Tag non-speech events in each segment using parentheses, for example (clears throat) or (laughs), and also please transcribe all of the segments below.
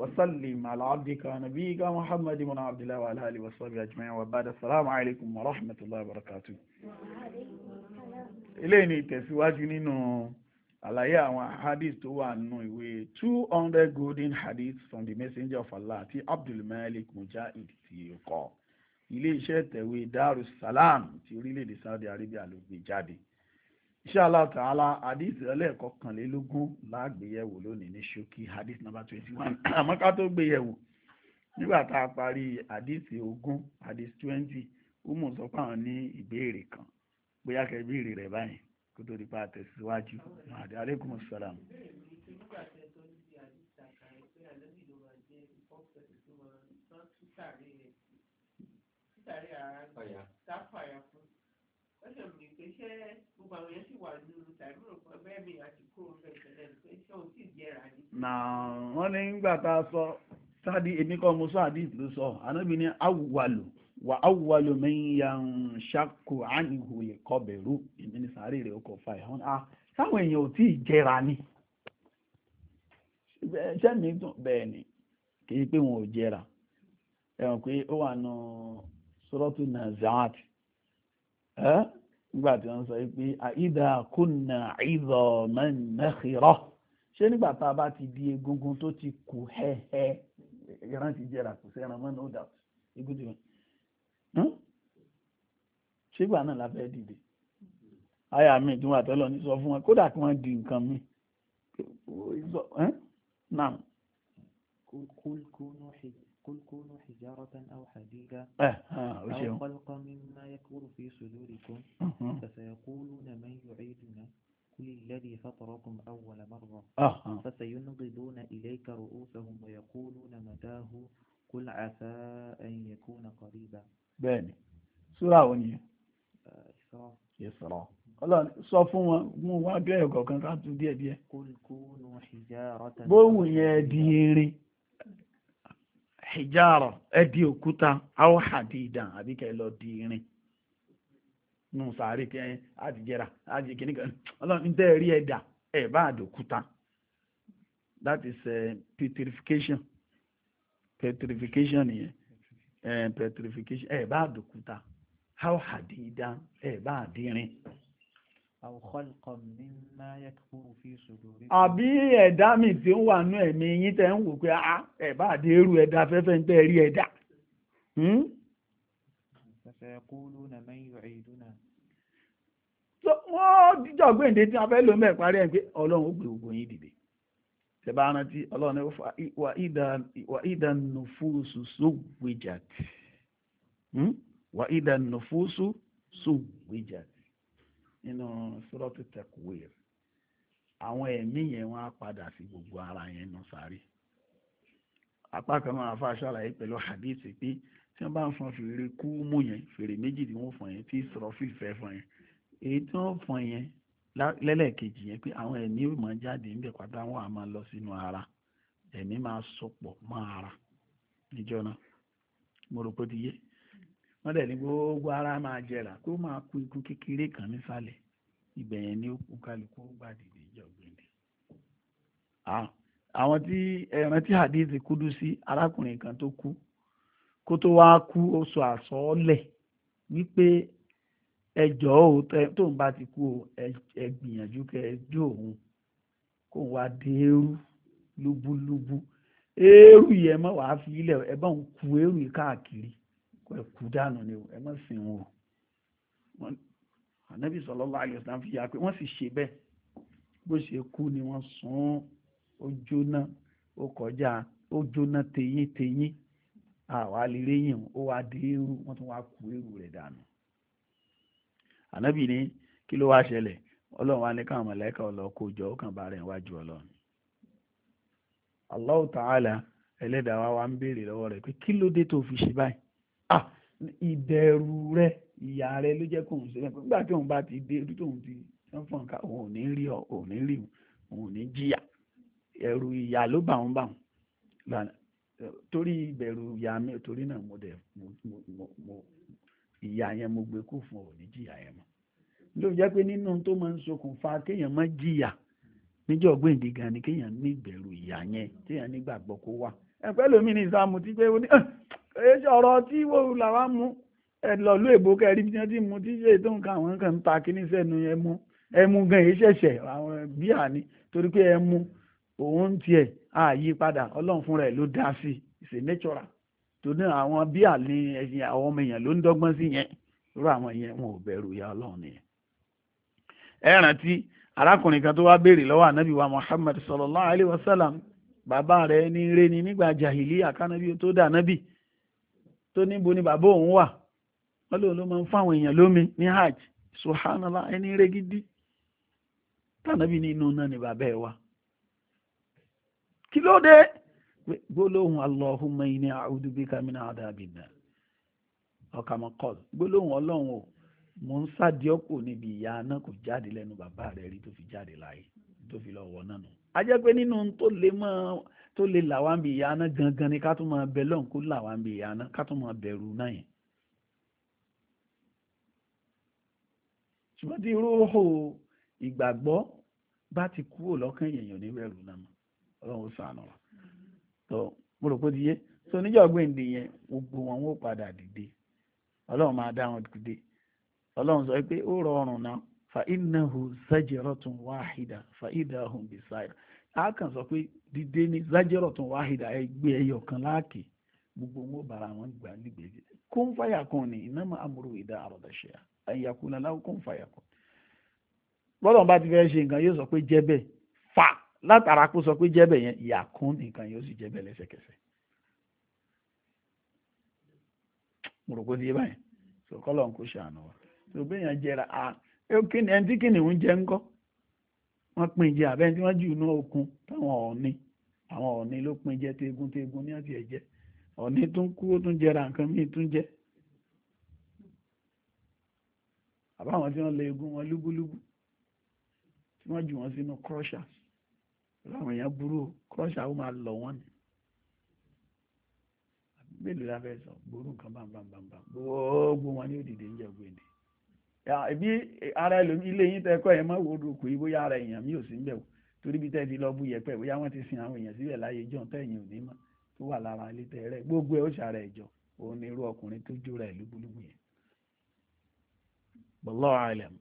وسلم على عبدك ونبيك محمد من عبد الله وعلى اله وصحبه اجمعين وبعد السلام عليكم ورحمه الله وبركاته eléyìí ìtẹ̀síwájú nínú àlàyé àwọn hadith tó wà nínú ìwé two hundred golden hadith from the messenger of allah ti abdulmalik mujahid ti kọ ilé iṣẹ́ ìtẹ̀wé darussalam ti orílẹ̀-èdè saudi arabia ló gbé jáde Insha Allah Ta'ala hadith ẹlẹ́ẹ̀kọ́ kànlélógún láàgbéyẹ̀wò lónìí ní ṣókí hadith number twenty one (clears throat) àmọ́ ká tó gbéyẹ̀wò nígbà tá a parí hadith ogún hadith twenty umu sọ pé àwọn ní ìbéèrè kan bóyá kẹ́ béèrè rẹ̀ báyìí kó tó di pa àtẹ̀síwájú alaikum salam. sáré ara tápà ya fún ó ṣe mí pé ṣé gbogbo àwọn wà ní nígbà tá sọ sáàdì èmi kọ́ mo sọ àdìs ló sọ ànábì ní wà ṣàkó èmi ní sàárè hàn èèyàn ò tí ì ni dùn bẹ́ẹ̀ ni kì í pé wọn ò ẹ̀wọ̀n pé ó wà nù sọ́rọ́tù nígbà tí wọ́n sọ pé àìdá kùnà ìdọ̀ mẹ́nẹ́kìrọ̀ ṣé nígbà tá a bá ti di egungun tó ti kù hẹ́hẹ́ ẹran ti jẹrà kò sẹ́ran mọ́ no doubt egun ti wọ́n ṣé ìgbà náà la fẹ́ dìde àyà mi tí wọ́n ní sọ fún wọn kódà kí wọ́n di nǹkan mi náà. قل كونوا حجارة أو حديدا آه، آه، أو خلقا مما يكبر في صدوركم فسيقولون من يعيدنا قل الذي فطركم أول مرة آه، فسينغضون إليك رؤوسهم ويقولون متاه قل عسى أن يكون قريبا باني سورة ونية إسراء إسراء ọlọ́run sọ fún wọn mú wá bẹ́ẹ̀ hijara ẹ di òkúta hadida? Abi ke lo lọ di irin nù adi jera, adi àdìjẹkìnní kan ọlọ́run ní tẹ́ rí ẹ̀dà ẹ̀ bá àdòkúta that is uh, petrification petrification nìyẹn eh, petrification ẹ̀ bá àdòkúta hadida? hadidan ẹ̀ bá àdìrin àbí ẹ̀dá mi tí ó wà nú ẹ̀mí yín tẹ́ ń wò pé ah, ẹ bá dé irú ẹ̀dá fẹ́fẹ́ ń tẹ́ rí ẹ̀dá. Hmm? wọ́n jíjọ gbèǹde tí wọ́n fẹ́ ló mẹ́ parí ẹ̀ pé ọlọ́run ó gbé gbogbo yín dìde ṣẹ̀bá rántí ọlọ́run ní wà ìdá nùfúsù sówìjàtì wà ìdá nùfúsù sówìjàtì nínú sọ́rọ́tù tẹ̀kùwéèrè àwọn ẹ̀mí yẹn wọ́n á padà sí gbogbo ara yẹn nù sáré apá kan náà afa ṣàlàyé pẹ̀lú hadith pé tí wọ́n bá ń fọn fèrè kú mú yẹn fèrè méjì ni wọ́n fọn yẹn tí sọ̀rọ̀fìl fẹ́ fọn yẹn èyí tí wọ́n fọn yẹn lẹ́lẹ́kejì yẹn pé àwọn ẹ̀mí ò máa jáde níbẹ̀ pátá wọn á máa lọ sínú ara ẹ̀mí máa sopọ̀ mọ́ ara níjọ́ náà mo rò pé ti yé wọ́n dẹ̀ ní gbogbo ara máa jẹrà kó máa kú ikú kékeré kan nísàlẹ̀ ibẹ̀ ni ó kú kálukú gbà dìde ìjọ gbèndé. àwọn tí ẹran tí hadith kúdú sí arákùnrin kan tó kú kó tó wá kú ó sọ àsọọ́lẹ̀ wípé ẹjọ́ ò tóun bá ti kú ẹ gbìyànjú kẹ ẹ jó òun kó wá dé eérú lúbúlúbú eérú yẹn mọ́ wàá fi ilẹ̀ ẹ bá ń ku eérú yìí káàkiri ẹ̀kú dànù ni ẹ má sìn wọn o ànábì sallallahu alaihi wasallam fi yà pé wọ́n sì ṣe bẹ́ẹ̀ bó ṣe kú ni wọ́n sún ó jóná ó kọjá ó jóná teyín teyín àwa ó wá dé eru wọ́n tún wá kú eru rẹ̀ dànù ànábì ni kí ló wá ṣẹlẹ̀ ọlọ́run wa ní káwọn mọ̀lẹ́kà ọlọ́kọjọ́ ó kàn bá rẹ̀ wájú ọlọ́run Allahu ta'ala ẹlẹ́dàá wa wá ń béèrè lọ́wọ́ rẹ̀ pé kí ló dé tó fi ṣe báyìí ìdẹ̀rù rẹ ìyà rẹ ló jẹ́ kóun ṣe bẹ́ẹ̀ nígbà tí òun bá ti dé orí tóun ti ń fọ̀n ká òun ò ní rí ọ òun ní rí òun ò ní jìyà ẹ̀rù ìyà ló bà wọ́n bà wọ́n torí ìbẹ̀rù ìyà mi torí náà mo dẹ̀ fún ní jìyà yẹn mọ́ ló jẹ́ pé nínú tó máa ń ṣokùnfà kéèyàn má jìyà níjọ́ ni kéèyàn ní ìbẹ̀rù yẹn nígbàgbọ́ èyí ọ̀rọ̀ tí wòrú làwọn mú ẹ lọ lú èbó kẹrí bí wọ́n ti mú tí ṣe tó nǹkan àwọn kan ń ta kíní sẹ́nu ẹmu ẹmu gan èyí ṣẹ̀ṣẹ̀ àwọn bíà ni torí pé ẹmu òun ń tiẹ̀ ààyè padà ọlọ́run fúnra ẹ̀ ló dá sí ìṣe nẹ́tọ́ra tó ní àwọn bíà ní ẹ̀yìn àwọn ọmọ èèyàn ló ń dọ́gbọ́n sí yẹn rú àwọn yẹn wọn ò bẹ̀rù ìyà ọlọ́run nìyẹn. ẹ rántí arákùnrin kan tó wá béèrè lọ́wọ́ ànábì wa Muhammad sallallahu alaihi wasallam bàbá rẹ̀ ní ire ni nígbà jahiliya kánábì tó dà nábì tó níbo ni bàbá òun wà wọ́n lóun ló máa ń fáwọn èèyàn lómi ní hajj subhanallah ẹni rẹ́gídí tànàbí ní inú náà ni bàbá ẹ wà kí ló dé gbólóhùn allahumma inni a'udhu bika min adhabin nar ọkà mọ kọl gbólóhùn ọlọ́run o mò ń sáàdì ọ̀pọ̀ níbi ìyá náà kò jáde lẹ́nu bàbá rẹ̀ rí tó fi jáde láàyè tó fi lọ wọ náà nù. a jẹ́ pé nínú tó lè mọ́ tó lè là ìyá náà gangan ni ká tún máa bẹ kó ìyá náà ká tún máa bẹ̀rù náà yẹn. ṣùgbọ́n tí ìgbàgbọ́ bá ti kúrò lọ́kàn èèyàn ní bẹ̀rù náà ọlọ́run ó sànù wa tó mo rò pé ti yé tó níjọ́ yẹn gbogbo wọn ó padà dìde ọlọ́run máa dá wọn dìde ọlọ́run sọ pé a sọ dídé ní zájẹ́rọ̀tún wáhìdà ẹgbẹ́ ẹyọ kan láàkì gbogbo wọn bara wọn gbà nígbèjì kó ń fàyà kan ní iná máa amúrò ìdá àròdàṣẹ́ àyàkùn na kó ń fàyà kan bá ti fẹ́ ṣe nǹkan yóò sọ pé jẹ́bẹ̀ fà látara kó sọ pé jẹ́bẹ̀ yẹn yóò sì jẹ́bẹ̀ mo rò ti yé báyìí sọ kọ́lọ̀ ń kó ṣàánú wa sọ wọ́n pín jẹ àbẹ́ni tí wọ́n jù ní okun táwọn ọ̀ọ́ni àwọn ọ̀ọ́ni ló pín jẹ tegun tegun ní ọ̀tí ẹ̀jẹ̀ ọ̀ọ́ni tún kú ó tún jẹra nǹkan míì tún jẹ àbáwọn tí wọ́n lé egun wọn lúbúlúbú tí wọ́n jù wọ́n sínú crusher láwọn èèyàn burú crusher ó máa lọ wọ́n ni mélòó la fẹ́ sọ gbòòrùn kan bàbàbàbà gbogbo wọn ní òdìdí ń jẹ gbèdè ẹbí e, ara ẹlòmí ilé yín tẹ kọ́ ẹ mọ́ wo rò pé bóyá ara èèyàn mi ò sí níbẹ̀ o torí bí tẹ́ ti lọ bú yẹpẹ́ bóyá wọ́n ti sin àwọn èèyàn síbẹ̀ láyé jọ̀ tẹ̀yìn òní mọ́ tó wà lára ilé tẹ rẹ gbogbo ẹ ó ṣàrà ẹ̀jọ̀ òun ni irú ọkùnrin tó jóra ẹ̀ lúgbúlúgbù yẹn. bọ́lá àlẹ́m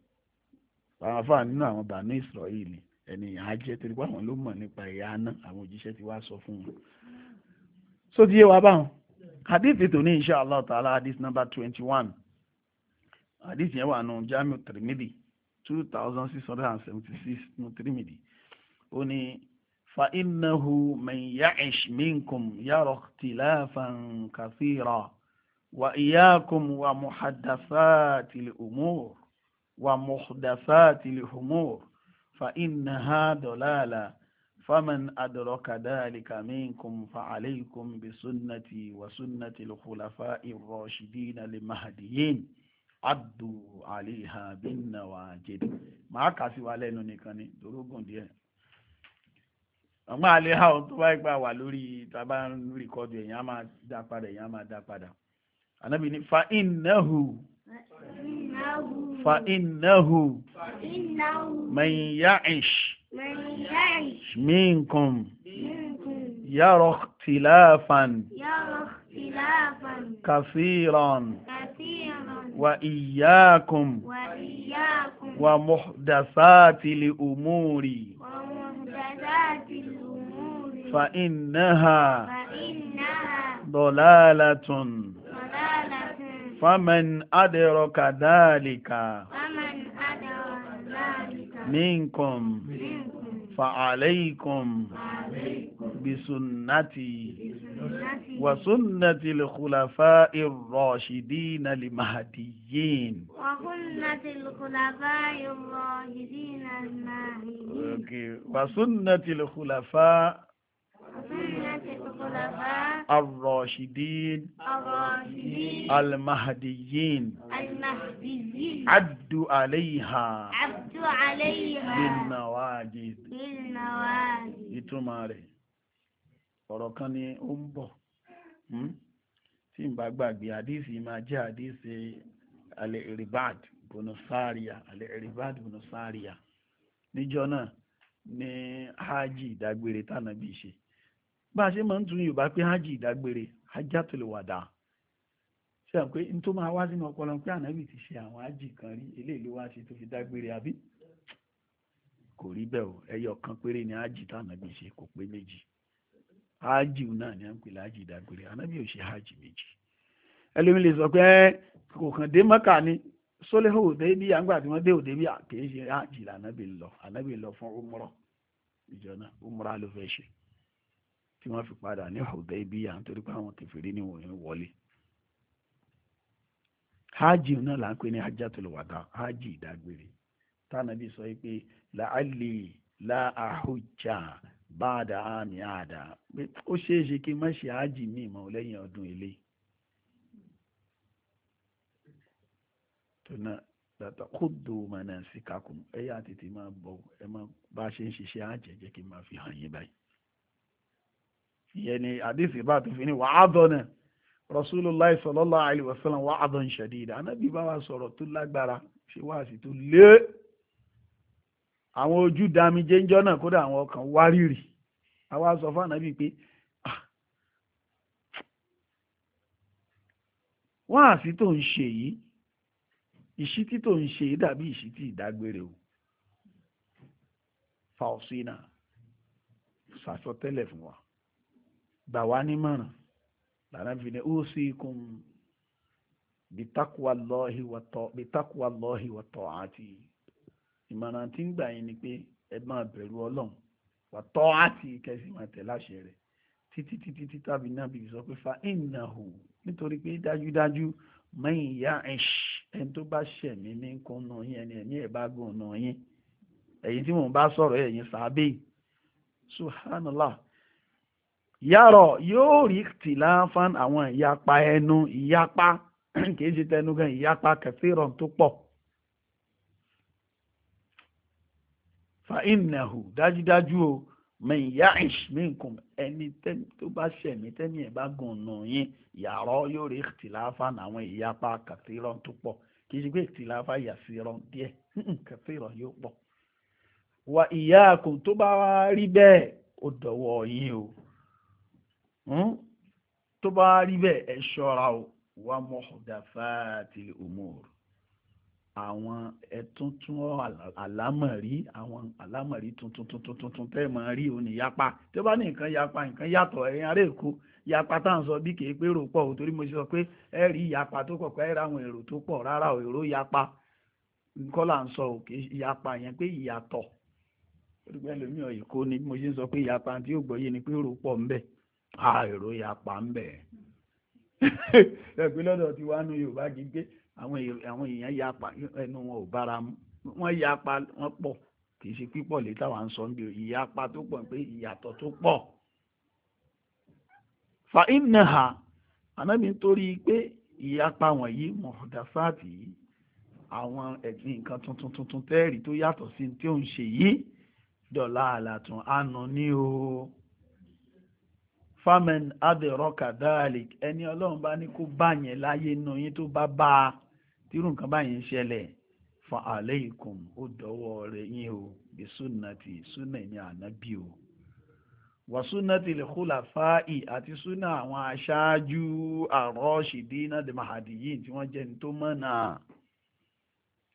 àwọn afáà nínú àwọn bàánú Ísírẹ́lì ẹni ìyá jẹ́ torí pé àwọn ló mọ̀ nípa ìyá náà àwọn òjíṣẹ́ ti wá sọ fún wọn. só ti yé wa báwọn hadith ètò ní insha Allah ta'ala hadith number twenty one àdìsí yẹn wà nù jamiu tirimidi two thousand six hundred and seventy six nù tirimidi ó ní fa innahu man ya'ish minkum yara ikhtilafan kathira wa iyyakum wa muhaddathati al wa muhdathati al fa innaha dalala. فمن أدرك ذلك منكم فعليكم بسنتي وسنة الخلفاء الراشدين المهديين addu àlèhà bí nàwà jèdè màá kà sí wa lẹ́nu nìkan ni dorógùn díẹ̀ ọgbọ́n àlèhà ohun tó bá gbà wà lórí tàbá ń rìkọ́dù èèyàn á máa dá padà èèyàn á máa dá padà ànábì ní fa innahu fa innahu man ya'ish minkum yara ikhtilafan kasiran. kasiran. وإياكم ومحدثات الأمور فإنها ضلالة فمن أدرك ذلك منكم فعليكم بسنتي وسنة الخلفاء الراشدين المهديين وسنة الخلفاء الراشدين المهديين وسنة الخلفاء الراشدين المهديين عدوا عليها بالنواجد بالنواجذ ọ̀rọ̀ kan ni ó ń bọ̀ hmm? tí n bá gbàgbé àdísì máa jẹ́ àdísì alẹ́rìbáàd bonosaria alẹ́rìbáàd bonosaria níjọ́ náà ní hajj ìdágbére tánàbí ṣe bá a ṣe máa ń tún yorùbá pé hajj ìdágbére hajjatul wada ṣe à pé n tó máa wá sínú ọpọlọ pé ànábì ti ṣe àwọn hajj kan rí eléyìí ló wá ṣe tó fi dágbére àbí kò rí bẹ́ẹ̀ o ẹyọ kan péré ni hajj tánàbí ṣe kò pé méjì hajj náà ni à ń pè hajj ìdágbére anábì ò ṣe hajj méjì ẹlòmí lè sọ pé kò kàn dé mọ́kà ni sólẹ́hó òde bí àgbà tí wọ́n dé òde bí kìí ṣe hajj lànàbì lọ ànàbì lọ fún umrọ ìjọ umrọ ló fẹ́ ṣe tí wọ́n fi padà ní òde bí à ń torí pé àwọn kẹfìrí ni wọ́n wọlé hajj náà là ń pè ní hajjatul wada ìdágbére tánàbí sọ pé làálì láàhùjà báàdà àmì àdà ó ṣeé ṣe kí n má ṣe ájì ní ìmọ̀ lẹ́yìn ọdún ilé tona dàtà kódò mọ̀nà sí kakùn ẹ̀yà tètè máa bọ̀ ẹ máa bá a ṣe ń ṣiṣẹ́ àjẹjẹ́ kí n máa fi hàn yín báyìí ìyẹn ni àdéhùn bá tó fi ní wàá dọ́nà rasulullah sallallahu alaihi wasallam wàá dọ́n ṣẹ̀dí ìdá anábì bá wa sọ̀rọ̀ tó lágbára ṣe wáàsí tó lé. àwọn ojú dami jẹ́ńjọ́ náà kódà àwọn ọkàn wárìrì àwa sọ fún ànábì pé ah, wọ́n àsí tó ń ṣe yìí ìṣítí tó ń ṣe dàbí ìṣítí ìdágbére o fausina sàsọtẹ́lẹ̀ fún wa gbà wá nímọ̀ràn lànà fi ní ó sì kún bitakuwa lọ́hìwọ̀tọ̀ àti yìí. ìmọ̀ràn tí ń gbà yín ni pé ẹ máa bẹ̀rù ọlọ́run wà tọ́ àti kẹsì máa tẹ̀ láṣẹ rẹ̀ títí títí tí tàbí náà bìbí sọ pé fa ìnáhù nítorí pé dájúdájú mẹ́yìn ìyá ẹ̀ṣ ẹni tó bá ṣẹ̀mí ní kún nù yín ẹni ẹ̀mí ẹ̀ bá gùn nù yín ẹ̀yin tí mò ń bá sọ̀rọ̀ ẹ̀yin sàábẹ́ subhanallah yàrá yóò rí tìláfán àwọn ìyapa ẹnu ìyapa (clears throat) kì í ṣe tẹnu gan ìyapa kẹfìrọ̀ tó pọ̀ fàínàhù dájúdájú o mẹ́yìn yáìṣ minkum ẹni tó bá ṣẹ̀mí tẹ́ni ẹ̀ bá gùn nù yín yàrá yóò rí ìtìláfà náwọn ìyapa kàtírọ̀ tó pọ̀ kì í ṣe pé ìtìláfà yàsírọ̀ díẹ̀ kàtírọ̀ yóò pọ̀. wà ìyá àkùn tó bá rí bẹ́ẹ̀ ó dọ̀wọ́ yín o tó bá rí bẹ́ẹ̀ ẹ ṣọ́ra o wà mọ̀ọ́dàfà tìlẹ̀ òmùrù àwọn ẹ̀túntún àlámọ̀rí àwọn àlámọ̀rí tuntun tuntun tuntun tẹ́ mọ̀ rí òní yapa tí ó bá ní nǹkan yapa nǹkan yàtọ̀ ẹ̀yin ará èkó yapa tá à ń sọ bí kì í pé èrò pọ̀ torí mo sọ pé ẹ rí yapa tó kọ̀ọ̀kan ẹ ra àwọn èrò tó pọ̀ rárá o èrò yapa nǹkan là ń sọ òkè yapa yẹn pé ìyàtọ̀ olùgbẹ́ lómi ọ̀ èkó ni mo ṣe ń sọ pé yapa tí yóò gbọ́yé ni pé èrò pọ̀ ń bẹ̀ à èrò yapa ń bẹ̀ (laughs) ẹ̀ pé lọ́dọ̀ tí wàá nu Yorùbá kì í pé àwọn èèyàn yapa ẹnu wọn ò bára mu wọ́n yapa wọ́n pọ̀ kì í ṣe pípọ̀ lé táwa ń sọ níbi ìyapa tó pọ̀ pé ìyàtọ̀ tó pọ̀. fa innaha anábì nítorí pé ìyapa wọ̀nyí mọ̀dásáàtì yìí àwọn ẹ̀gbìn nǹkan tuntun tuntun tẹ́ẹ̀rí tó yàtọ̀ sí tí ó ń ṣe yìí dọ̀là àlàtún àná ní o famen adẹ̀rọ̀kà dáàlì ẹni ọlọ́run bá ní kó bá yẹn láyé nù yín tó bá bá a tírú nǹkan báyìí ń ṣẹlẹ̀ fa aleikum ó dọ́wọ́ rẹ̀ yín o bí sunnati sunna ní ànábì o wà sunnati lè kúlà fáì àti sunna àwọn aṣáájú àrọ́ṣìdínà dè mahadiyin tí wọ́n jẹ́ ní tó mọ̀nà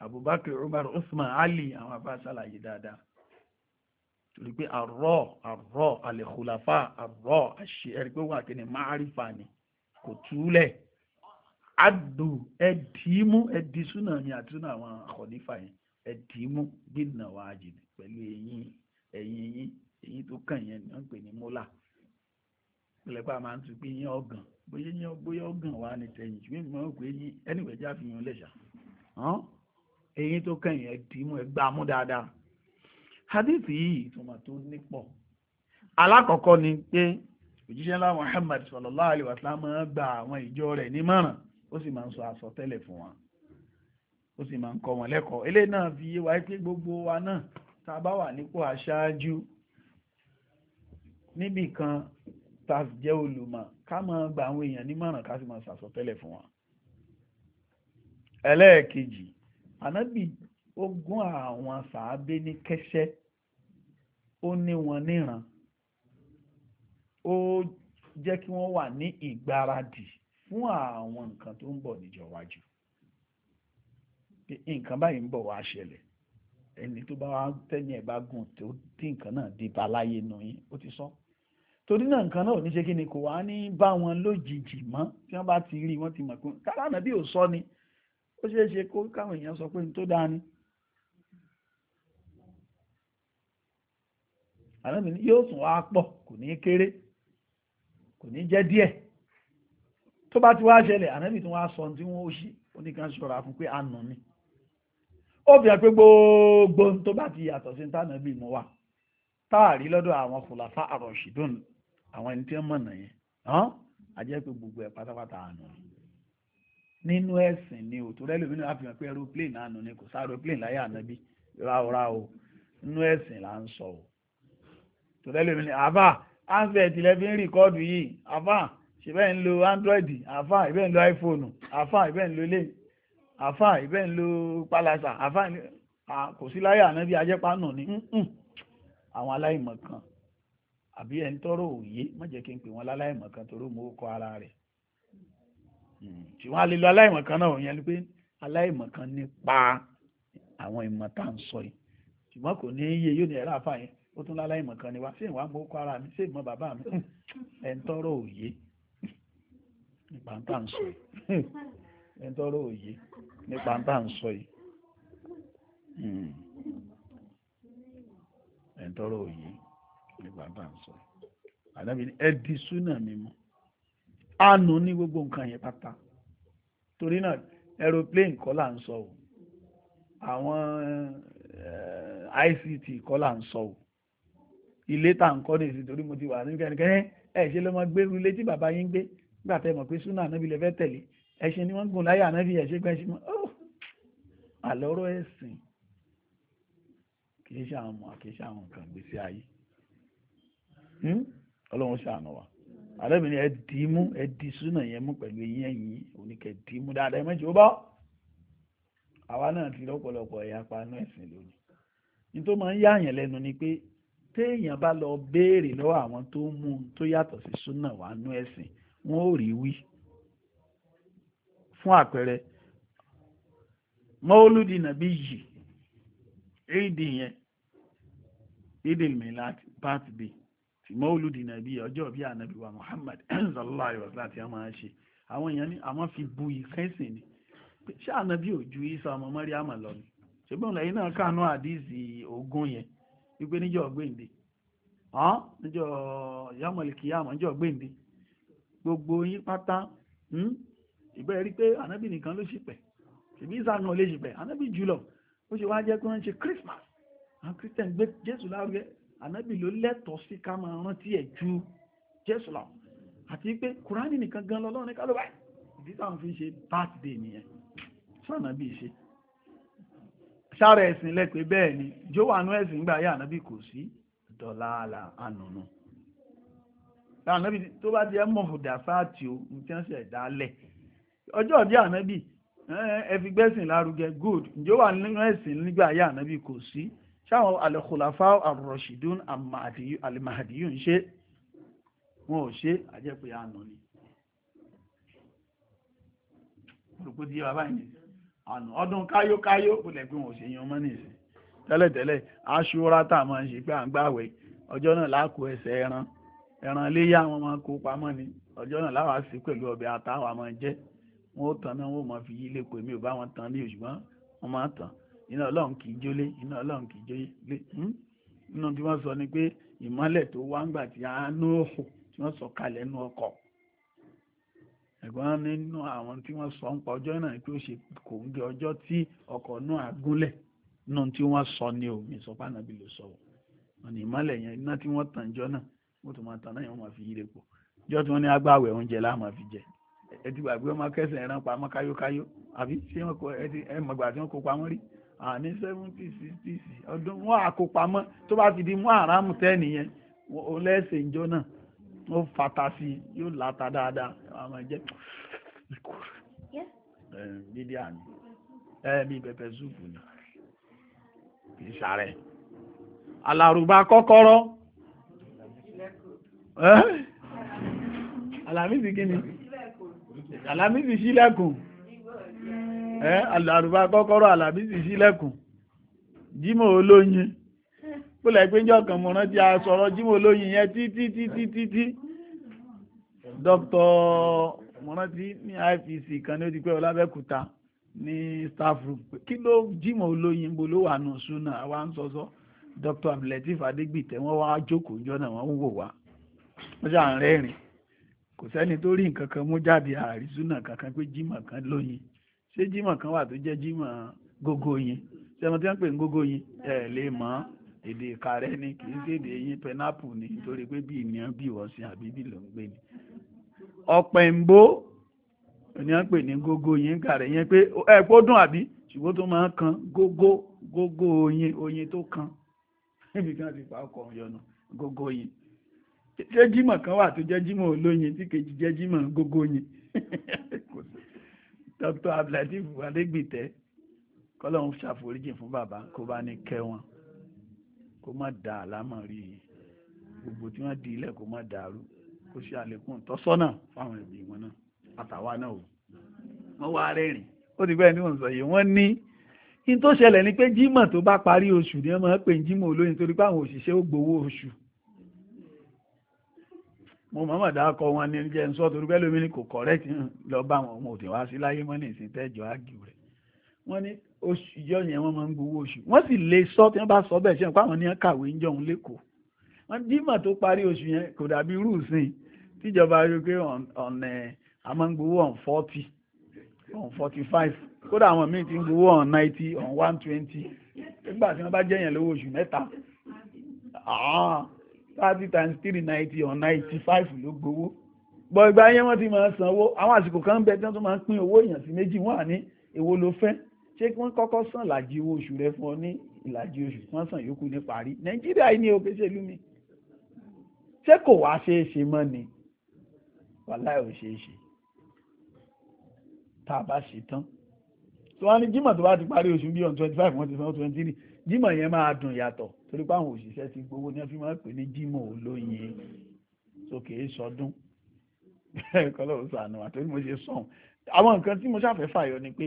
abubakar umar usman ali àwọn afá ṣàlàyé dáadáa torí pé àrọ́ àrọ́ àlèkùlàfà àrọ́ àṣẹ ẹ̀rí pé wà kí ni máàrífà ni kò túlẹ̀ àdù ẹ̀dìímú ẹ̀dìsúnà mi àti súnà àwọn àkọ̀nífà yẹn ẹ̀dìímú gbìnà wà jìnnà pẹ̀lú eyín ẹ̀yìn eyín eyín tó kàn yẹn ni wọ́n pè ní mólà pẹ̀lẹ́pà máa ń tún pé yín ọ̀gàn bóyá yín bóyá ọ̀gàn wà ní tẹ̀yìn ṣùgbọ́n ìmọ̀ òkú eyín ẹnìwẹ̀ já fi yín lẹ̀ṣà eyín tó kàn yẹn ẹ̀dìímú ẹgbàmú dáadáa hadith yìí ìtumọ̀ tó nípọ̀ alákọ̀ọ́kọ́ ni pé òjíṣẹ́ lá Muhammad sallallahu alaihi wasallam gba àwọn ìjọ rẹ̀ nímọ̀ràn ó sì máa ń sọ àsọtẹ́lẹ̀ fún wọn ó sì máa ń kọ́ wọn lẹ́kọ̀ọ́ eléyìí náà fi yé wa pé gbogbo wa náà tá a bá wà nípò aṣáájú níbì kan tá a jẹ́ olùmọ̀ ká máa gba àwọn èèyàn nímọ̀ràn ká sì máa ṣàsọtẹ́lẹ̀ fún wọn. ẹlẹ́ẹ̀kejì ànábì ó àwọn sàábé ní kẹ́sẹ́ ó ní wọn níran ó jẹ́ kí wọ́n wà ní ìgbáradì fún àwọn nǹkan tó ń bọ̀ níjọ wájú nǹkan báyìí ń bọ̀ wá ṣẹlẹ̀ ẹni tó bá wá tẹ́ni ẹ̀ bá gùn tó tí nǹkan náà di baláyé nù yín ó ti sọ torí náà nǹkan náà ò ní ṣe kí ni kò wá ní bá wọn lójijì mọ́ tí wọ́n bá ti rí wọ́n ti mọ̀ pé kálánà bí ò sọ ni ó ṣeé ṣe kó káwọn èèyàn sọ pé n tó dáa ni. àlọ́ mi yóò tún wá pọ̀ kò ní kéré kò ní jẹ́ díẹ̀. tó bá ti wá ṣẹlẹ̀ ànábì tí wọ́n á sọ tí wọ́n ó ṣí oníkan ṣọ́ra fún pé àná ni ó fi hàn pé gbogbo tó bá ti yàtọ̀ sí tánàbì mú wa táàrí lọ́dọ̀ àwọn kùlàfà àròṣìdùn àwọn ẹni tí wọ́n mọ̀nà yẹn hàn á jẹ́ pé gbogbo ẹ̀ pátápátá àná nínú ẹ̀sìn ni òtò rẹ́lòmínú àfihàn pé aeroplane àná ni kò sá aeroplane láyé ànábì ráúráú nínú ẹ̀sìn là ń sọ ò tòrẹ́lòmínú àbá àǹfẹ̀ẹ́ tilẹ̀ fi ń rìkọ́ọ̀dù yìí àbá ṣìbẹ́ ń lo android àfà ìbẹ́ ń lo iphone àfà ìbẹ́ ń lo lane àfà ìbẹ́ ń lo palasa àfà kò sí láyé ànábì ajẹ́pánù ni àwọn aláìmọ̀ kan àbí ẹni tọrọ òye má jẹ́ kí n pè wọ́n láláìmọ̀ kan torí mo kọ́ ara rẹ̀ mm. ṣùgbọ́n a lè lo aláìmọ̀ kan náà yẹn pé aláìmọ̀ kan nípa àwọn ìmọ̀ tá à ń sọ yìí ṣùgbọ́n kò ní iye yóò ní ẹ̀rọ àfà yẹn ó tún láláìmọ̀ kan ni wá sí ìwà mo kọ́ ara mi sí ìmọ̀ bàbá mi mm. ẹ̀ tọrọ òye nípa ń tà ń sọ yìí ẹ̀ ń tọ́rọ òye nípa ń ń sọ yìí hmm. ẹ̀ tọ́rọ òye nípa ń ń sọ yìí àdábì ẹ súnà mímú àánú ní gbogbo nǹkan yẹn pátá torí náà aeroplane kọ́ là ń sọ o àwọn eh, ICT kọ́ là ń sọ o ilé tá ń kọ́ nìyí torí mo ti wà ní kẹ́kẹ́ ẹ̀ ṣe ló máa gbé ilé tí bàbá yín gbé nígbà tẹ́ mọ̀ pé súnà ànábì lè fẹ́ tẹ̀lé ẹṣin ni wọ́n gùn láyé ànábì ẹṣin pẹ́ ṣe mọ́ oh! àlọ́rọ̀ ẹ̀sìn kìí ṣe àwọn ọmọ àkìí ṣe àwọn nǹkan gbèsè ayé hmm? ọlọ́run ṣàánú wa àlẹ́bìnrin ẹ dì í mú ẹ dì súnà yẹn mú pẹ̀lú eyín ẹ̀yìn oníkẹ́ dì í mú dáadáa ẹ mẹ́jọ bá àwa náà ti lọ́pọ̀lọpọ̀ ẹ̀yà panú ẹ̀sìn lónìí ní tó máa ń yáàyàn lẹ́nu ni pé téèyàn bá lọ béèrè lọ́wọ́ àwọn tó mú un tó yàtọ̀ sí súnà wà nú ẹ̀sìn wọn ò rí wí fún àpẹẹrẹ mọ́ọ́lùdì nàbí yìí éèdì yẹn éèdì milat birthday ti mọ́ọ́lùdì nàbí ọjọ́ bí ànábì wa Muhammad (clears throat) sallallahu alaihi wasallam àti àwọn àṣẹ àwọn èèyàn ní àwọn fi bu ìkẹ́sìn ni ṣé ànábì ò ju Isa ọmọ Màríàmà lọ ni ṣùgbọ́n lẹ́yìn náà kànú àdìsí ogún yẹn wípé níjọ́ gbèǹde níjọ́ yàmọ̀lì kìyàmọ̀ níjọ́ gbèǹde gbogbo yín pátá hmm? ìgbẹ́ rí pé ànábì nìkan ló ṣìpẹ̀ ṣèbí ìsànà ò lè ṣìpẹ̀ ànábì jùlọ ó ṣe wá jẹ́ kí wọ́n ṣe Christmas àwọn Christian gbé Jésù lárugẹ ànábì ló lẹ́tọ̀ọ́ sí ká máa rántí ẹ̀ ju Jésù lọ àti pé Kùránì nìkan gan lọ́lọ́run ní kálọ́ báyìí ìdí táwọn fi ń ṣe birthday nìyẹn sọ̀nà bí ṣe sára ẹ̀sìn lẹ́pẹ́ bẹ́ẹ̀ ni jówànú ẹ̀sìn gbà yà ànábì kò sí dọ̀là ànùnù láwọn ànábì tó bá jẹ́ mọ̀fùdà sáàtì o ní tí wọ́n ṣe ẹ̀dá lẹ̀ ọjọ́ ọdí ànábì ẹ fi gbẹ́sìn lárugẹ good ǹjẹ́ wà nínú ẹ̀sìn nígbà ayé ànábì kò sí ṣáwọn alẹ́kùnláfà àrọ̀ṣìdún àlìmàdìyún ń ṣe wọn ò ṣe àjẹpẹ́ àná ni olùkó di bàbá yìí àná ọdún káyókáyó olè pé wọn ò ṣe yan ọmọ nìyí tẹ́lẹ̀tẹ́lẹ̀ aṣọ rátà máa ń ṣe pé à ń gbàwẹ̀ ọjọ́ náà lákòó ẹsẹ̀ ẹran ẹran iléyá wọn máa kó pamọ́ ni ọjọ́ náà láwàá sí pẹ̀lú ọbẹ̀ àtàwọn àmọ́ jẹ́ wọn ó tán náà wọn ò mọ fi yí lẹ́kọ̀ọ́ èmi ò bá wọn tán ní òṣùgbọ́n wọn máa tán iná ọlọ́run kì í jólé iná ọlọ́run kì í jólé hmm? nínú tí wọ́n sọ ni pé ìmọ́lẹ̀ tó wá ń gbà tí àánú òhù tí wọ́n sọ kalẹ̀ nú ọkọ̀ ẹ̀gbọ́n nínú àwọn tí wọ́n sọ ń pa ọjọ́ náà pé ó ṣe kò ń gé ọjọ́ tí ọkọ̀ náà gúnlẹ̀ nínú tí wọ́n sọ ni òmìnir sọ pánàbí ló sọ wọn ni ìmọ́lẹ̀ yẹn iná tí wọ́n tàn jọ náà wọ́n tún máa tàn náà yẹn wọ́n máa fi yíre pò jọ́ tí wọ́n ní agbáwẹ̀ oúnjẹ láà máa fi jẹ ẹ ti gbàgbé ọmọ kẹsàn ẹran pamọ́ káyókáyó àbí ṣé wọn kọ ẹ ti ẹ mọ̀gbà tí wọ́n kó pamọ́ rí àní seventy sixty ọdún wọn àkópamọ́ tó bá ti di mú àràmù tẹ́ẹ̀nì yẹn ó lẹ́sẹ̀ ìjọ náà ó fata sí i yóò láta dáadáa àwọn ọmọ ẹ̀jẹ̀ dídí àmì ẹ̀ẹ́mí pẹpẹ súùpù ni kì alárùbá kọ́kọ́rọ́ alamisi kíni alamisi sílẹ̀kùn alàrùbá kọ́kọ́rọ́ alamisi sílẹ̀kùn jímọ̀ olóyin púlẹ̀ péjọ́ kan mọ̀ràn tí a sọ̀rọ̀ jímọ̀ olóyin yẹn títí títí títí dr mọ̀ràn ti ní IFC kan ní ó ti pẹ́ Ọlábẹ́kúta ní staff room kí ló jímọ̀ olóyin bo ló wà nù súnà wa ń sọ́sọ́ dr abdulateef adegbite wọ́n wá jókòó jọ náà wọ́n ń wò wọ́n ṣáà ń rẹ́rìn kò sẹ́ni tó rí nǹkan kan mú jáde àrísúnà kankan pé jímọ̀ kan lóyin ṣé jímọ̀ kan wà tó jẹ́ jímọ̀ gógó yin sẹ́wọ́n tí wọ́n pè ń yin ẹ̀ lè èdè kàrẹ́ ni kì í ṣèdè yín pẹ́nápù ni nítorí pé bí ní gógó yin kan gógó gógó oyin oyin tó kan níbi ti pa ọkọ̀ yọnu gógó jẹ́ jímọ̀ kan wà tó jẹ́ jímọ̀ olóyin tí kejì jẹ́ jímọ̀ gógó yin (laughs) dr abdulatif adegbite kọ́lọ́hún ṣàforíjì fún bàbá kó bá ní kẹ́ wọn kó má da àlámọ̀ rí i gbogbo tí wọ́n di ilẹ̀ kó má dàrú kó ṣe àlékún tọ́sọ́nà fáwọn ẹbí wọn náà àtàwa náà o wọ́n wá rẹ́rìn ó ti bẹ́ẹ̀ ní wọ́n sọ yìí wọ́n ní kí n tó ṣẹlẹ̀ ni pé jímọ̀ tó bá parí oṣù ni wọ́n máa ń pè ní jímọ̀ olóyin torí pé àwọn òṣìṣẹ́ ó gbowó oṣù mo mọ̀mọ́ dá kọ wọn ní jẹ́ nsọ́ torí pẹ́ lómi ní kò kọ̀rẹ́tì lọ bá wọn wọn ò tẹ̀ wá sí láyé mọ́ ní ìsìn tẹ́jọ́ ágìw rẹ̀ wọ́n ní oṣù ìjọ yẹn wọ́n máa ń gbowó oṣù wọ́n sì lè sọ tí wọ́n bá sọ bẹ́ẹ̀ ṣe pé àwọn ní kàwé ń jọun lẹ́kọ̀ọ́ wọ́n dímọ̀ tó parí oṣù yẹn kò dàbí rúùsìn tíjọba rí pé ọ̀nà àmọ́ eh, ń gbowó on forty on forty five kódà àwọn míì ti ń gbowó on ninety on one twenty nígbà tí wọ́n bá jẹ́yàn lówó oṣù mẹ́ta thirty times three ninety or ninety five ló gbowó gbọ́ ìgbà yẹn wọ́n ti máa sanwó àwọn àsìkò kan bẹ tí wọ́n tún máa ń pín owó èèyàn sí méjì wọ́n à ní èwo ló fẹ́ ṣé kí wọ́n kọ́kọ́ san ìlàjì owó oṣù rẹ fún ọ ní ìlàjì oṣù kí wọ́n san yòókù ní parí nàìjíríà yìí ní o kéṣe lú mi ṣé kò wá ṣeé ṣe mọ́ ni wàláì ò ṣeé ṣe tá a bá ṣe tán tí wọ́n á ní jímọ̀ tó bá ti parí oṣù bíi on twenty five wọ́n ti san twenty three jímọ̀ yẹn máa dùn yàtọ̀ torí pé àwọn òṣìṣẹ́ ti gbowó ní ọ́fíìmọ̀ pé ní jímọ̀ olóyin sókè sọdún kọ́lọ́ sànù àtòrí mo ṣe sàn àwọn nǹkan tí mo ṣàfẹ́ fàyọ ni pé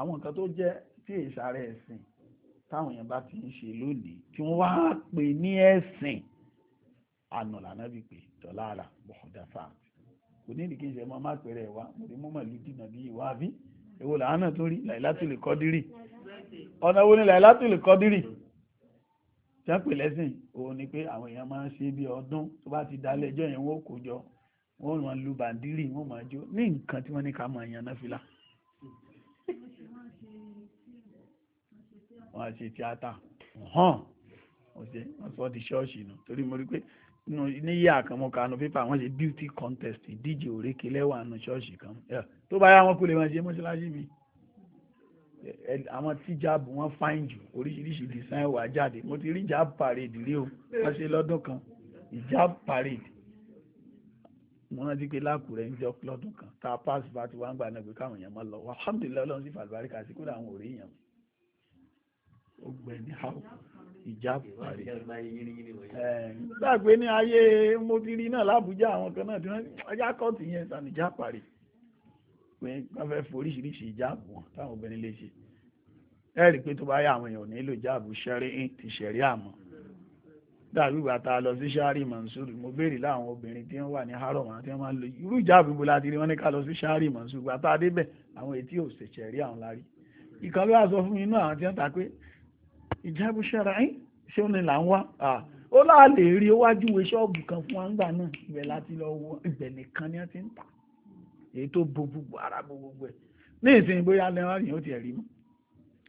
àwọn nǹkan tó jẹ́ tí ìsàrẹ̀ ẹ̀sìn táwọn èèyàn bá ti ń ṣe lónìí tí wọ́n wá pè ní ẹ̀sìn ànà lànà bí pé dọ̀là àrà bọ̀dà fáàtì kò ní ìdíkì ìṣẹ́ mọ́ má pèrè wá mo ní mọ́mọ́ ìlú dìnà bí ìwà àbí èwo làánà tó rí làìlátìlì kọ́dírì ọ̀nà wo ni làìlátìlì kọ́dírì jápè lẹ́sìn òun ni pé àwọn èèyàn máa ń ṣe bí ọdún tó bá ti dalẹ̀ ẹjọ́ yẹn wọ́n kó jọ wọ́n máa lu bàndírì wọ́n máa jó ní nǹkan tí wọ́n ní ká máa yan náfìlà. wọ́n á ṣe tíátà hàn wọ́n sọ di ṣọ́ọ̀ṣì nù torí mo rí pé níyà kan mo kà nu pépà wọ́n ṣe beauty contest ìdíje òrékelẹ́wà nu ṣọ́ọ̀ṣì kan tó bá yá wọn kú lè máa ṣe mọ́ṣáláṣí mi àwọn tí jáàbù wọ́n fáìn jù oríṣiríṣi design wà jáde mo ti rí jáàbù parade rí o wọ́n ṣe lọ́dún kan ìjáàbù parade mo rántí pé lákùrẹ́ ń jọ lọ́dún kan tá a pass bá ti wá ń gbà náà pé káwọn èèyàn máa lọ wá alhamdulilayi ọlọ́run sì fàlùbáríkà sí kódà àwọn òrí èèyàn ó gbẹ ní àwọn ìjáàbù parade gbàgbé ní ayé mo ti rí náà lábújá àwọn kan náà tí wọ́n ajá kọ́ọ̀tù yẹn sàn ìjáàbù parade wọ́n fẹ́ foríṣiríṣi ìjáàbù wọn táwọn obìnrin lè ṣe ẹ̀rí pé tó bá yá àwọn èèyàn nílò ìjáàbù ṣẹ́rí ti ṣẹ̀rí àmọ́ dàbí ìgbà tá a lọ sí ṣáàrì Mansur mo béèrè láwọn obìnrin tí wọ́n wà ní haram àti wọ́n máa ń lo irú ìjáàbù ibo láti rí wọ́n ní ká lọ sí ṣáàrì Mansur ìgbà tá a débẹ̀ àwọn ètí ò ṣẹ̀ṣẹ̀ rí àwọn lárí ìkan ló wà sọ fún mi inú àwọn tí wọ́n ta pé ìjáàbù ṣẹ́ra yín ṣé ó ní là ń wá ó láà lè rí ó wájú ṣọ́ọ̀bù kan fún wa ńgbà náà ibẹ̀ láti lọ wọ ibẹ̀ nìkan ni wọ́n ti ń ta èyí tó bo gbogbo ara bo gbogbo ẹ̀ ní ìsìn bóyá lẹ́wọ̀n yìí ó ti ẹ̀rí mọ́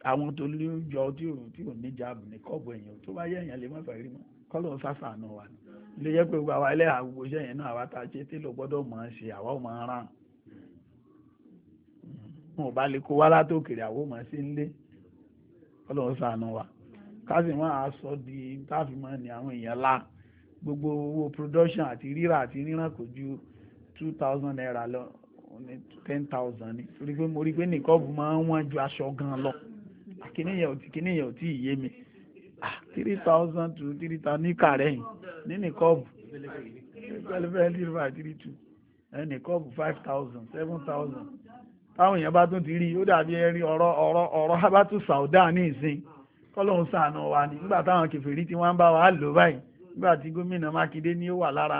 àwọn tó lé jọ tí òun tí òun níjà ààbò ní kọ́ọ̀bù ẹ̀yìn tó bá yẹ èèyàn lè má fẹ́ rí mọ́ kọ́lọ̀ sáfà náà wà ní ilé jẹ́ pé gbogbo àwa ẹlẹ́hà gbogbo iṣẹ́ yẹn náà àwa tá a ṣe tí ló gbọ́dọ̀ mọ̀ ọ́n ṣe àwa ò mọ̀ ọ́n ràn wọn ò bá lè kó wá látòkèrè àwa ò mọ̀ ọ́n sí nílé kọ́lọ̀ sànù wa ká sì máa sọ di táàfin mọ́ ni àwọn èèyàn la gbogbo owó production àti rírà àti ríràn kò ju two thousand naira lọ ní ten thousand ni torí pé mo rí i pé máa ń wọ́n ju aṣọ gan lọ kìnìyàn ò tí kìnìyàn ò tí yé mi three thousand to three thousand ní kàrẹ́ yìí ní nìkọ́ọ̀bù pẹ̀lẹ́pẹ̀lẹ́ three five three two ẹ̀ nìkọ́ọ̀bù five thousand seven thousand táwọn èèyàn bá tún ti rí i ó dàbí ẹrí ọ̀rọ̀ ọ̀rọ̀ ọ̀rọ̀ habatu sauda ní ìsìn kọ́lọ́hún ṣàánú wa ni nígbà táwọn kèfèrí tí wọ́n ń bá wa lò báyìí nígbà tí gómìnà mákindé ní ó wà lára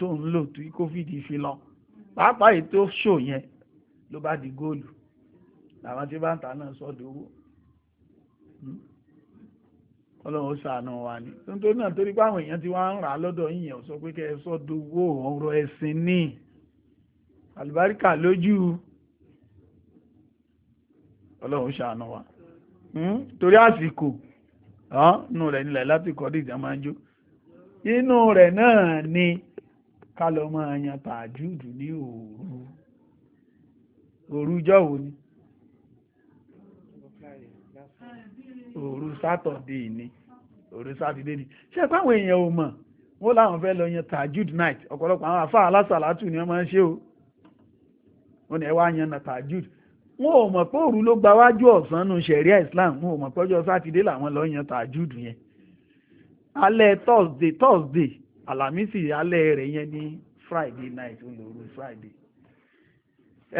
tó ń lò tí covid fi lọ pàápàá èyí tó ṣò yẹn ló bá di góòlù làwọn tí bá ń ta náà sọ́dọ̀ owó hmm? ọlọ́run ó ṣàánú wa ni nítorí náà torí pé àwọn èèyàn ti wá ń rà á lọ́dọ̀ yìnyẹn sọ pé kẹ́ ẹ sọ́dọ̀ owó ọ̀rọ̀ ẹ̀sìn ní àlùbáríkà lójú ọlọ́run ó ṣàánú wa hmm? torí àsìkò inú rẹ̀ nílẹ̀ láti kọ́ dìjà máa ń jó inú rẹ̀ náà ni ká lọ máa yan tàjúdù ní òru òrújọ́ wo ni òru sátọ̀dé ni òru sátidé ni ṣé ẹ páwọn èèyàn ò mọ̀ wọ́n láwọn fẹ́ lọ yan tajud night ọ̀pọ̀lọpọ̀ àwọn àfáà alásàlátù ni wọ́n máa ń ṣe o wọ́n ní ẹ wá yan na wọn ò mọ̀ pé òru ló gba wájú ọ̀sán nu sẹ̀ríà Islam wọn ò mọ̀ pé ọjọ́ sátidé làwọn lọ yan tajud yẹn alẹ́ thursday thursday Alamisi alẹ́ rẹ̀ yẹn ní friday night olóru friday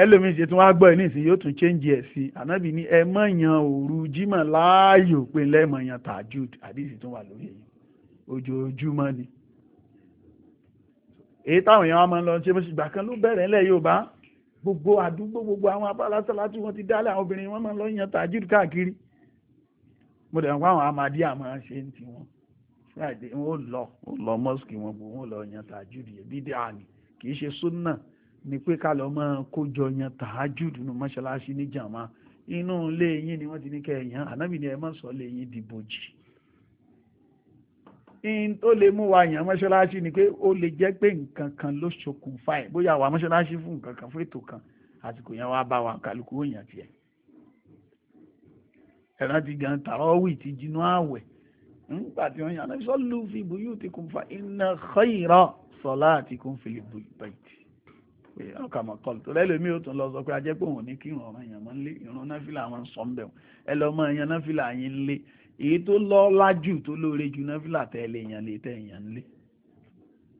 ẹlòmíì ṣe tún wá gbọ́ ẹ̀ nísìnyí yóò tún change ẹ̀ sí ànábì ní ẹ mọ̀ yan òru jímọ̀ láàyò pé lẹ́mọ̀ yan tajud àdìsí tún wà lórí ẹ̀yìn ojoojúmọ́ ni èyí táwọn èèyàn máa ń lọ ṣe bó ṣe gbà kan ló bẹ̀rẹ̀ ńlẹ̀ Yorùbá gbogbo àdúgbò gbogbo àwọn abálásálá tí wọ́n ti dálé àwọn obìnrin wọ́n máa ń lọ yan tajud káàkiri mo dẹ̀ ń pa àwọn amadi àmọ́ ṣe ń tiwọn friday wọn ò lọ ò lọ mọ́sùkì wọn bò wọn ò lọ yan tàájúdù yẹn bídí àní kì í ṣe súnà ni pé ká lọ máa kójọ yan tàájúdù nínú mọ́ṣáláṣí ní jàmá inú ilé yín ni wọ́n ti ní kẹ́ ẹ̀ yan ànábì ni ẹ má sọ lé yín dìbò jì in tó lè mú wa yàn mọ́ṣáláṣí ni pé ó lè jẹ́ pé nǹkan kan ló ṣokùnfà ẹ̀ bóyá wà mọ́ṣáláṣí fún nǹkan kan fún ètò kan àsìkò yẹn wá bá wa kálukú òyìn àti ẹ̀ ẹ̀rántí gan tààrọ́ wì ti jinú ààwẹ̀ nígbà tí wọ́n yàn náà sallu fi buyutikum fa inna khayra salatikum fil bayt pé ọkàmọ kọlù tó lẹ́lẹ̀mí ò tún lọ sọ pé ajẹ́ pé òun ní kí ìrun ọmọ èèyàn máa ń lé ìrun náfìlà àwọn sọ ń bẹ̀rù ẹ lọ mọ èèyàn náfìlà yín ń lé èyí tó lọ lájú tó lóore ju náfìlà tẹ́lẹ̀ èèyàn lè tẹ́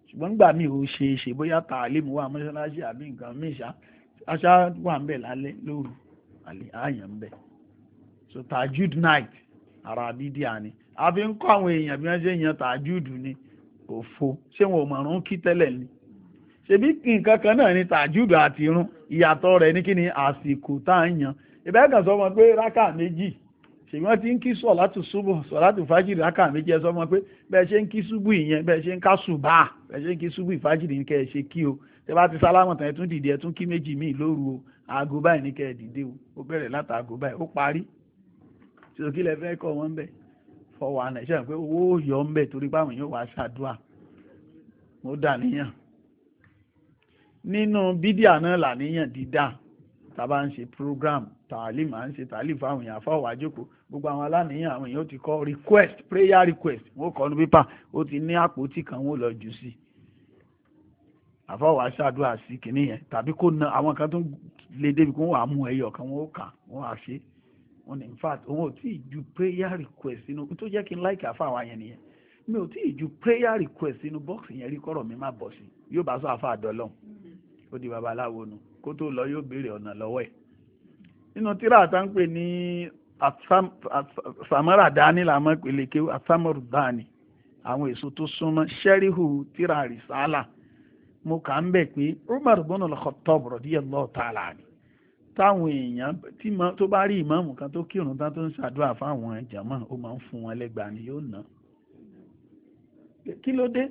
ṣùgbọ́n nígbà míì ó ṣe é ṣe bóyá tààlímù wà mọ́ṣáláṣí àbí nǹkan míì aṣá wà ń bẹ̀ lálẹ́ lóru àyàn ń bẹ̀ so tajud night ara bídíà ni a fi ń kọ́ àwọn èèyàn bí wọ́n ṣe yan tàjúdù ni òfo ṣé wọn ò mọ̀rún kí tẹ́lẹ̀ ni ṣebí nǹkan kan náà ni tàjúdù àti irun ìyàtọ̀ rẹ̀ ní kí ni àsìkò tá à ń yan ìbẹ́ kan sọ wọn pé rákà méjì ṣèbí wọ́n ti ń kí sọ̀látù súbọ̀ sọ̀látù fájìrì rákà méjì ẹ sọ wọn pé bẹ́ẹ̀ ṣe ń kí súbù ìyẹn bẹ́ẹ̀ ṣe ń ká ṣùbà bẹ́ẹ̀ ṣe ń kí súbù ìfájìrì ní kẹ́ ẹ ṣe kí o tẹ bá ti sálámọ̀ tán ẹ tún dìde ẹ tún kí méjì míì lóru o aago báyìí ní kẹ́ ẹ dìde o ó bẹ̀rẹ̀ láti báyìí ó parí ṣòkí lẹ fẹ́ kọ́ wọn bẹ́ẹ̀ fọwọ́ àná iṣẹ́ pé owó yọ ń bẹ̀ torí báwọn yóò wá ṣàdúà mo dà níyàn nínú bídíà náà làníyàn dídá tá a bá ń ṣe program tààlìm à ń ṣe tààlìm fáwọn èèyàn fáwọn àjókò gbogbo àwọn aláníyàn àwọn èèyàn ti kọ request prayer request wọn ó kọ ní pépà ó ti ní àpótí kan wọn ó lọ jù sí àfọwọ́ aṣáàdúrà sí kìnìyẹn tàbí kó na àwọn kan tó lè débi kó wà á mú ẹyọ kan wọn ó kà wọn á ṣe é wọn in fact òun ò tí ì ju prayer request sínú tó jẹ́ kí n láìka like àfa àwọn yẹn nìyẹn mi ò tí ì ju prayer request sínú bọ́ọ̀sì yẹn rí kọ́rọ̀ mi má bọ̀ sí yóò bá sọ àfa àdọ́lọ́hún ó di babaláwo nu kó tó lọ yóò béèrè ọ̀nà lọ́wọ́ ẹ̀ nínú tíra àtà ń pè ní samara dání làmọ́ pèlékè asamaru dání àwọn èso tó súnmọ́ sẹ́ríhù tíra rìsálà mo kà ń bẹ̀ pé Umar bọ́nà lọ́kọ̀ tọ́bùrọ̀ díẹ̀ lọ́ọ̀tà láàrin táwọn èèyàn tó bá rí ìmáàmù kan tó kírun tán tó ń ṣàdúrà fáwọn jàmáà ó máa ń fún wọn lẹ́gbàá ni yóò ná kí ló dé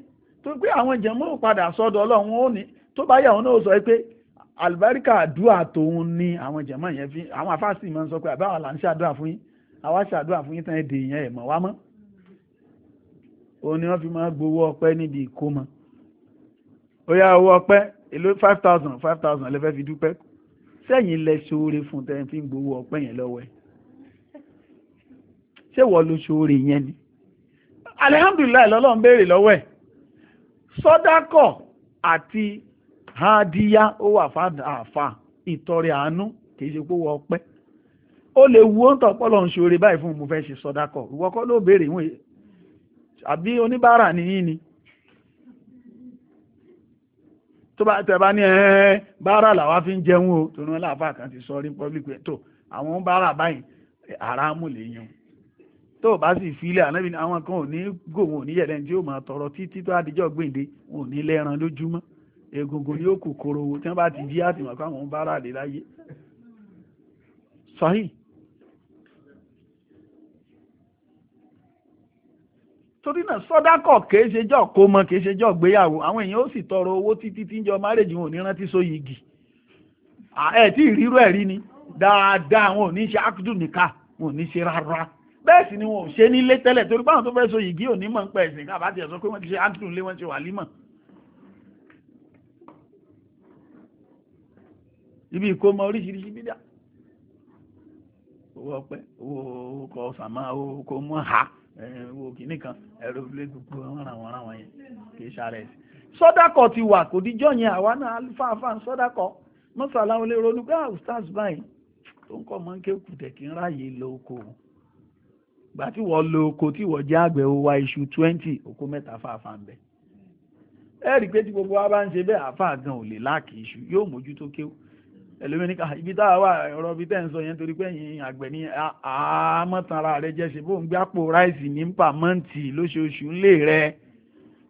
tó pé àwọn jàmáà ò padà sọ́dọ̀ ọlọ́run ó ní tó bá yà wọn náà sọ pé àlùbáríkà àdúrà tòun ni àwọn jàmáà yẹn fi àwọn afáàsì máa ń sọ pé àbáwọn là ń ṣàdúrà fún yín àwa ṣàdúrà fún yín tán èdè yẹn ẹ̀ mọ̀ wá mọ́ òun ni wọ́n fi máa gbowó ọpẹ́ níbi ìkómọ ó yá owó ọpẹ́ èló five thousand five thousand lẹ́fẹ́ fi dúpẹ́ sẹ́yìn lẹ ṣoore fún tẹ́ fi ń gbowó ọpẹ́ yẹn lọ́wọ́ ẹ̀ ṣé wọ́n lo ṣoore yẹn ni alihamdulilayi lọ́lọ́run béèrè lọ́wọ́ ẹ̀ sọ́dákọ̀ àti hadiya ó wà fàáfà ìtọrẹ àánú kì í ṣe pé wọ́n ọpẹ́ ó lè wu ó ń tọ́pọ́ lọ́n ṣoore báyìí fún mo fẹ́ ṣe sọ́dákọ̀ ìwọ́kọ́ ló béèrè ìwọ̀n àbí oníbàárà nìyí ni tó bá tẹ̀bá ní ẹ̀ẹ́ báárà làwa fi ń jẹun o tó rán láàfà kan ti sọ rí public way tó àwọn báárà báyìí àràmù lèyàn tó bá sì filẹ̀ ànábì ni àwọn kan ò ní gò wọn ò ní yẹ̀lẹ́ tí ó máa tọrọ títí tó àdíjọ́ gbèǹde wọn ò ní lẹ́ran lójúmọ́ egungun ni ó kòkòrò wo tí wọ́n bá ti jí àtìmọ̀ pé àwọn báárà lè láyé sahih torí náà sọ́dákọ̀ kìí ṣe jọ́ kó mọ kìí ṣe jọ́ gbéyàwó àwọn èèyàn ó sì tọrọ owó títí tí ń jọ márèjì wọn ò ní rántí sóyè igi ẹ tí ìrírú ẹ̀ rí ni dáadáa wọn ò ní ṣe ákùdù nìka wọn ò ní ṣe rárá bẹ́ẹ̀ sì ni wọn ò ṣe nílé tẹ́lẹ̀ torí báwọn tó fẹ́ sóyè igi ò ní mọ̀ ń pẹ́ ẹ̀sìn ká bá tiẹ̀ sọ pé wọn ti ṣe ákùdù nílé wọn ti wà límọ̀. ibi ìkómọ oríṣiríṣi bídà owó ọpẹ owó kọ sàmà owó kó mọ wo kìíní kan ẹ̀rọ ilé gbogbo ràn wọ́n ràn wọ́n yẹn kì í ṣàrẹ̀ sí. sọ́dákọ̀ ti wà kò díjọ́ yẹn àwa náà fáfáà sọ́dákọ̀ mọ́sàlá olè ronú pé ah, ustaz báyìí tó ń kọ́ mọ́ ń ké kùtẹ̀ kí ń ráàyè lọ oko gbà tí wọ́n lọ oko tí wọ́n jẹ́ àgbẹ̀ ó wa iṣu twenty oko mẹ́ta fáfáà ń bẹ̀. ẹ rí i pé tí gbogbo wa bá ń ṣe bẹ́ẹ̀ àáfàá gan ò lè láàkì iṣu yóò mójútó kéwù ẹlòmíníkà ah, ibi táwa wà ọ̀rọ̀ ibi tẹ́ ń sọ yẹn torí pé ẹ̀yin àgbẹ̀ ní àmọ́tara rẹ jẹ́ ṣe bóun gbé àpò ráìsì ní pàmọ́ǹtì lóṣooṣù ńlé rẹ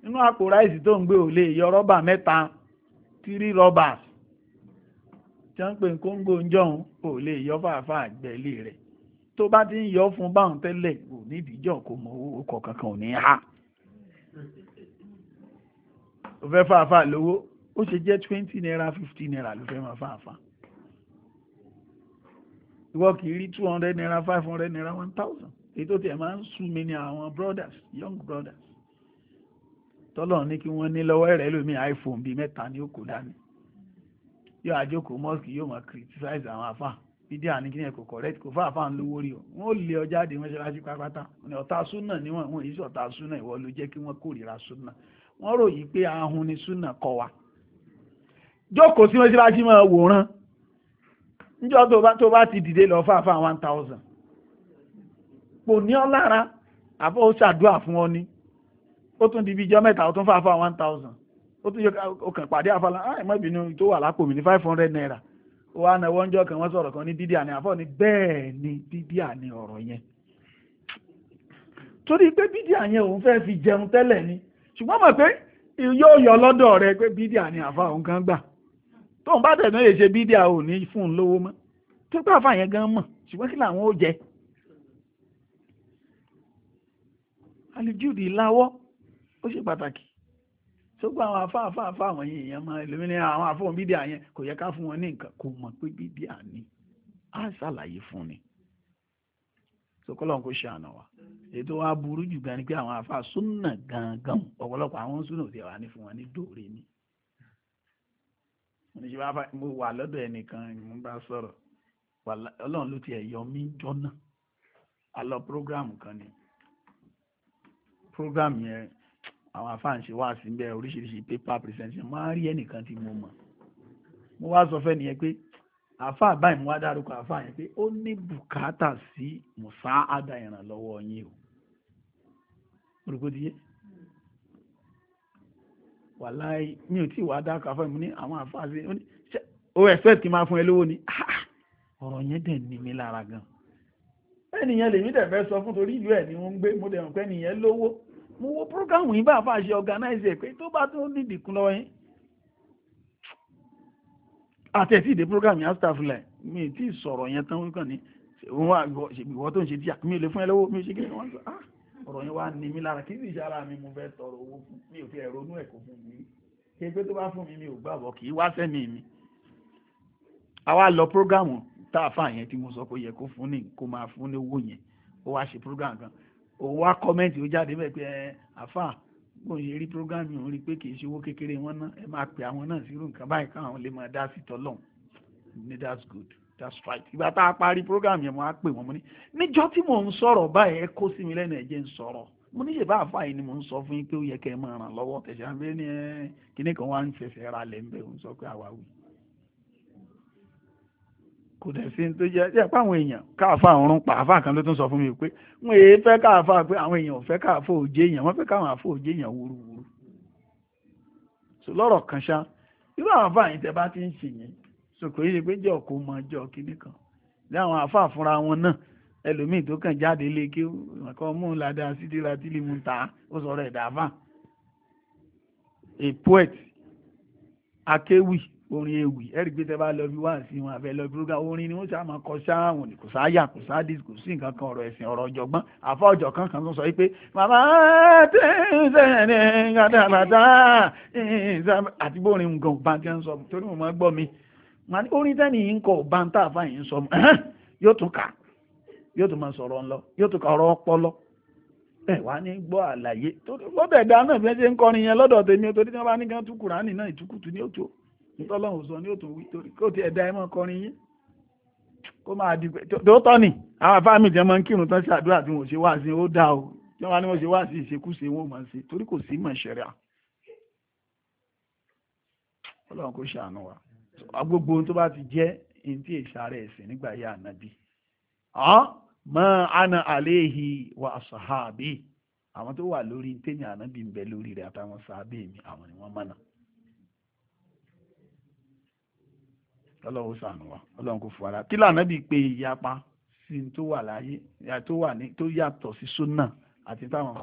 nínú àpò ráìsì tó ń gbé ò lè yọ rọ́bà mẹ́ta tírí rọ́bà tí wọ́n ń pè kóńgò ńjọ́hún ò lè yọ fàáfàá àgbẹ̀lé rẹ̀ tó bá ti ń yọ fún báwọn tẹ́lẹ̀ ò ní ìdíjọ́ kò mọ owó kọ̀ọ̀kan kan ò ní há ó fẹ́ fàáfàá lówó ó ṣe jẹ́ twenty naira fifty naira ló fẹ́ máa fàáfàá ìwọ kì í rí two hundred naira five hundred naira one thousand èyí tó tiẹ̀ máa ń sú mi ní àwọn brothers young brothers tọ́lọ̀ ní kí wọ́n ní lọ́wọ́ ẹ̀rẹ́ lómi iphone bíi mẹ́ta ní òkò dání yóò àjókòó mosque yóò máa criticize àwọn afa bídí àní kí ni ẹ̀kọ́ correct kò fáfá ń lówó rí o wọ́n lé ọ jáde mọ́ṣáláṣí pátápátá ní ọ̀tá súnà níwọ̀n ìwọ̀n èyí sọ̀tá súnà ìwọ ló jẹ́ kí wọ́n kórìíra súnà wọ́n ròyìn pé ahun ni súnà kọ wa jókòó sí mọ́ṣáláṣí máa wòran níjọ́ tó bá tó bá ti dìde lọ fáfá one thousand kò ní ọ lára àbọ̀ ó ṣàdúrà fún ọ ní ó tún di bí ijọ́ mẹ́ta ó tún fáfá one thousand ó tún yọ ọkàn pàdé àfàlà ẹ má bínú tó wà lápò mi ní five hundred naira ó wá náà wọ́n jọ kan wọ́n sọ̀rọ̀ kan ní dídí àní àfọ̀ ní bẹ́ẹ̀ ni dídí àní ọ̀rọ̀ yẹn torí pé bídí àyẹn òun fẹ́ fi jẹun tẹ́lẹ̀ ni ṣùgbọ́n mọ̀ pé yóò yọ lọ́dọ̀ rẹ pé bídí àní àfọ̀ òun kan gbà tóun bá tẹ̀ náà ṣe bídíà ò ní fún un lówó mọ́ tó pé àfa yẹn gan mọ̀ ṣùgbọ́n kí làwọn ó jẹ. alijudi láwọ́ ó ṣe pàtàkì sógbó àwọn afá afá afá àwọn yìí èèyàn máa ẹlòmínú àwọn afọ́n bídíà yẹn kò yẹ ká fún wọn ní nǹkan kò mọ̀ pé bídíà ni á ṣàlàyé fún ni sokọlọ́n kò ṣe àná wa ètò wa burú jù gan ni pé àwọn afá súnà gangan ọ̀pọ̀lọpọ̀ àwọn súnà ò ti wà fún wọn ní dòre ni mo ní ṣe bá mo wà lọ́dọ̀ ẹnìkan mo bá sọ̀rọ̀ ọlọ́run ló tiẹ̀ yọ mí jọ́nà a lọ program kan ni program yẹn àwọn afáàǹṣe wá síbẹ̀ oríṣiríṣi paper presentation máa rí ẹnìkan tí mo mọ̀ mo wá sọ fẹ́ nìyẹn pé àáfàá báyìí mo wá dárúkọ àáfàá yẹn pé ó ní bùkátà sí mùsà àdá ìrànlọ́wọ́ yín o rògbòdìyẹ wàláì mi ò tí ì wá dákọ̀ afọ́ mi ní àwọn àfáàsì ó expect kí n máa fún ẹ lówó ni ọ̀rọ̀ yẹn dẹ̀ ní mi lára gan ẹnìyẹn lèmi dẹ̀ fẹ́ sọ fún torí ìlú ẹ̀ ni wọ́n ń gbé mo dẹ̀ mọ̀ pé ẹnìyẹn lówó mo wo program yìí bá àfáà organize ẹ̀ pé tó bá tó ní ìdìkún lọ́wọ́ yín àtẹ̀tí ìdè program yẹn astafilẹ̀ mi ì tí ì sọ̀rọ̀ yẹn tán wípé ní ìwọ tó ń ṣe díà mi ò lè fún ẹ lówó mi ò ṣe kí ni wọ́n sọ ah! ọ̀rọ̀ yẹn wá ní mi lára kí sì ṣára mi mo fẹ́ tọrọ owó fún mi ò fi ẹ̀rọ inú ẹ̀kọ́ fún mi ṣe pé tó bá fún mi mi ò gbàgbọ́ kì í wá sẹ́mi mi. àwa lọ prógámù tá a fà yẹn tí mo sọ pé ó yẹ kó fún ní kó máa fún ní owó yẹn ó wá ṣe prógámù kan òun wá kọ́mẹ́ǹtì ó jáde bẹ́ẹ̀ pé ẹ àfà bóun ṣe rí prógámù òun rí pé kì í ṣe owó kékeré wọn náà ẹ máa pè àwọn náà sírú nǹkan báyìí káwọn lè máa dá sí tọ́lọ́hún ní that's good that's right ìgbà tá a parí program yẹn mo á pè wọ́n mo ní níjọ́ tí mò ń sọ̀rọ̀ báyìí ẹ kó sí mi lẹ́nu ẹ̀jẹ̀ ń sọ̀rọ̀ mo ní ṣèbá àfáà yìí ni mò ń sọ fún yín pé ó yẹ kẹ́ ẹ máa ràn lọ́wọ́ tẹ̀sán abẹ́rẹ́ ni ẹ kíní kan wá ń fẹsẹ̀ ra lẹ̀ ń bẹ̀ ń sọ pé àwa wí. kò dẹ̀ sí tó jẹ́ ẹ pé àwọn èèyàn káàfà ọ̀run pa àfà kan ló tún sọ fún mi pé wọn èé fẹ́ káàfà pé àwọn èèyàn ò fẹ́ káàfà òjé èèyàn wọ́n fẹ́ káwọn àfà òjé èèyàn wúruwúru. sọ lọ́rọ̀ kan ṣá irú àwọn àfà yìí tẹ bá ti ń ṣèyìn so kò yẹ pé jọ kò mọ jọ kínní kan ní àwọn àáfàá fúnra wọn náà ẹlòmíì tó kàn jáde lé kí ọkọ mú un ládàá sídìí láti lè mú un ta ó sọ̀rọ̀ ẹ̀dá fà a poet akéwì orin ewì ẹ̀rí pé tẹ́ bá lọ bí wá sí wọn àfẹ́ lọ bí rúgà orin ni wọ́n ṣáà máa kọ sáwọn kò sáyà kò sáàdì kò sí nǹkan kan ọ̀rọ̀ ẹ̀sìn ọ̀rọ̀ ọ̀jọ̀gbọ́n àfọ́ ọ̀jọ̀ kan kan tó sọ pé màmá tẹ́ ń sẹ́yìn ní gàdàgàdà àti bórin nǹkan bá ti ń sọ torí mo máa gbọ́ mi ma ní orin tẹ́ni yìí ń kọ bàǹtà àfàyìn sọ yóò tún kà yóò tún máa sọ̀rọ̀ ńlọ yóò tún kà ọ̀rọ̀ ọpọlọ ẹ wá ní gbọ́ àlàyé lọ́dọ̀ ẹ̀dá náà bí ṣe ń kọrin yẹn lọ́dọ̀ tèmi tí wọ́n bá ní kùránì náà ìtukùtù ní òtò nítọ́lọ́hùn sọ ní òtò kó ti ẹ̀dá kọrin yẹn kó máa di pé tó tọ́ ni àwọn gbogbo ohun tó bá ti jẹ́ in tí ìṣàrẹ̀ ẹ̀sìn nígbà yà ànábì mọ́ àna àléhì wa sàhábì àwọn tó wà lórí tèmi ànábì ń bẹ lórí rẹ̀ àtàwọn sàhábì mi àwọn ni wọ́n mọ̀nà. ọlọ́run sànù wa ọlọ́run kò fún ara kí lànàbì pé ìyapa sí tó wà láyé tó wà ní tó yàtọ̀ sí súnà àti táwọn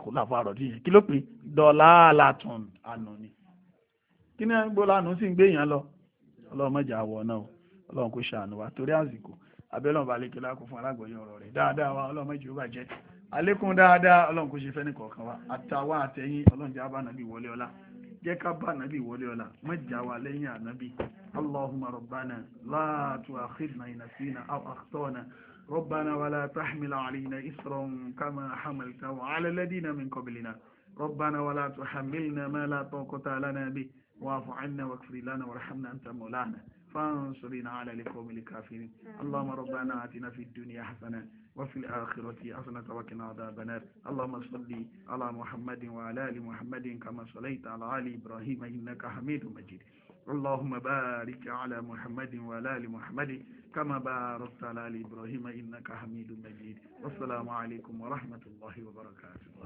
ọlọ́run mọ̀jà àwọ̀ náà o ọlọ́run kò ṣàánú wa torí àsìkò abẹ́lọ́run bá lékelá kó fún alágbọ̀yé ọ̀rọ̀ rẹ̀ dáadáa wa ọlọ́run mọ̀jì ó bàjẹ́ àlékún dáadáa ọlọ́run kò ṣe fẹ́ ní kọ̀ọ̀kan wa àtàwa àtẹ̀yìn ọlọ́run jẹ́ abánabi wọlé ọlá jẹ́ ká bá ànábì wọlé ọlá mọ̀jà wa lẹ́yìn ànábì allahumma rabbana la tu'akhidna in nasina aw akhtana ربنا ولا تحمل علينا إسرا كما حملته على الذين من قبلنا ربنا ولا تحملنا ما لا طاقة لنا واعف عنا واغفر لنا وارحمنا أنت مولانا فانصرنا على القوم الكافرين اللهم ربنا آتنا في الدنيا حسنة وفي الآخرة حسنة وقنا عذاب النار اللهم صل على محمد وعلى آل محمد كما صليت على آل إبراهيم إنك حميد مجيد اللهم بارك على محمد وعلى آل محمد كما باركت على آل إبراهيم إنك حميد مجيد والسلام عليكم ورحمة الله وبركاته